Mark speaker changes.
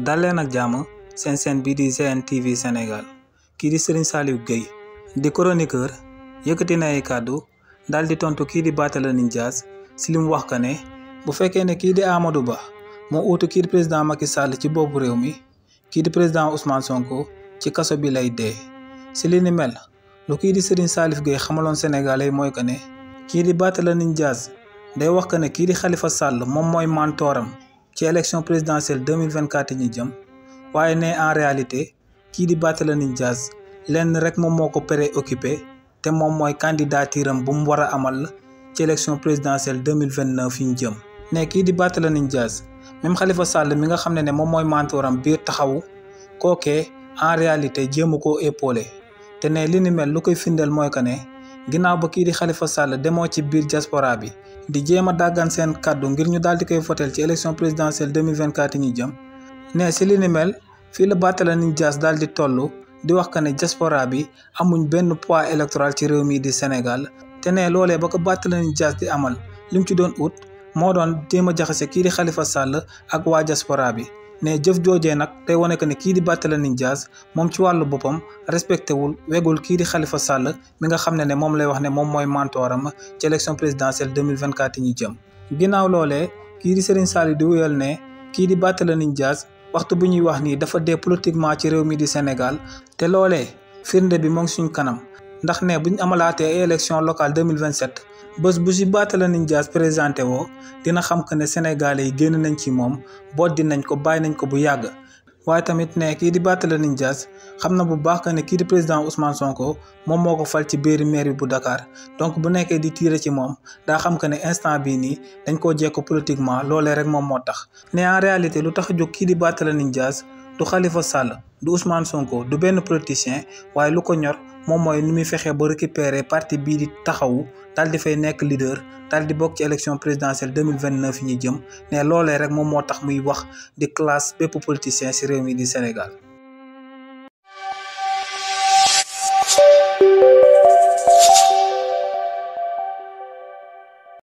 Speaker 1: dal leen ak jàmm seen seen bii di GNTV Sénégal kii di Serigne Saliou Gueye di chroniqueur yëkkati na ay kàddu daal di tontu kii di Barthélémy Dias si li mu wax ko ne bu fekkee ne kii di Amadou Ba moo uutu kii di président Macky Sall ci boppu réew mi kii di président Ousmane Sonko ci kaso bi lay dee si li ni mel lu kii di Serigne Salif Gueye xamaloon Sénégalais mooy que ne kii di Barthélémy Dias day wax ko ne kii di xalifa Sall moom mooy mantooram ci élection présidentielle 2024 ñi jëm waaye ne en réalité kii di Barthélémy Dias lenn rek moom moo ko préoccupé te moom mooy candidaturam bu mu war a amal ci élection présidentielle 2029 yi ñu jëm ne kii di Barthélémy Dias même xalifa Sall mi nga xam ne ne moom mooy mentoram bi taxawu kookee en réalité jéem a koo épaulé te ne li ni mel lu koy firndeel mooy que ne ginnaaw ba kii di xalifa Sall demoo ci biir diaspora bi di jéem a dàggan seen kàddu ngir ñu daal di koy voteel ci élection présidentielle 2024 yi ñu jëm ne si li ni mel fii la Barthélémy Dias daal di toll di wax que ne diaspora bi amuñ benn pois électoral ci réew mii di Sénégal te ne loolee ba ko Barthélémy Dias di amal mu ci doon ut moo doon jéem a jaxase kii di xalifa Sall ak waa diaspora bi. ne jëf joojee nag tey wane que ne kii di Barthélémy Dias moom ci wàllu boppam respecté wul wegul kii di xalifa Sall bi nga xam ne ne moom lay wax ne moom mooy mentoram ci élection présidentielle 2024 yi ñu jëm. ginnaaw loolee kii di Serigne Sall di wuyal ne kii di Barthélémy Dias waxtu bu ñuy wax nii dafa dee politiquement ci réew mi di Sénégal te loolee firnde bi moo ngi suñ kanam ndax ne buñ amalaatee élection locale 2027. bés bu si Barthélémy Dias présenté woo dina xam que ne sénégale yi génn nañ ci moom boddi nañ ko bàyyi nañ ko bu yàgg waaye tamit ne kii di Barthélémy Dias xam na bu baax que ne kii di président Ousmane Sonko moom moo ko fal ci biir maire bu Dakar donc bu nekkee di tiire ci moom daa xam que ne instant bii nii dañ ko koo ko politiquement loolee rek moom moo tax. ne en réalité lu tax a jóg kii di Barthélémy Dias du xalifa Sall du Ousmane Sonko du benn politicien moom mooy ni muy fexee ba récupérer parti bii di taxawu daal di fay nekk leader daal di bokk ci élection présidentielle deux mille vingt neuf yi ñu jëm ne loolee rek moom moo tax muy wax di classe bépp politicien ci réew mi di Sénégal.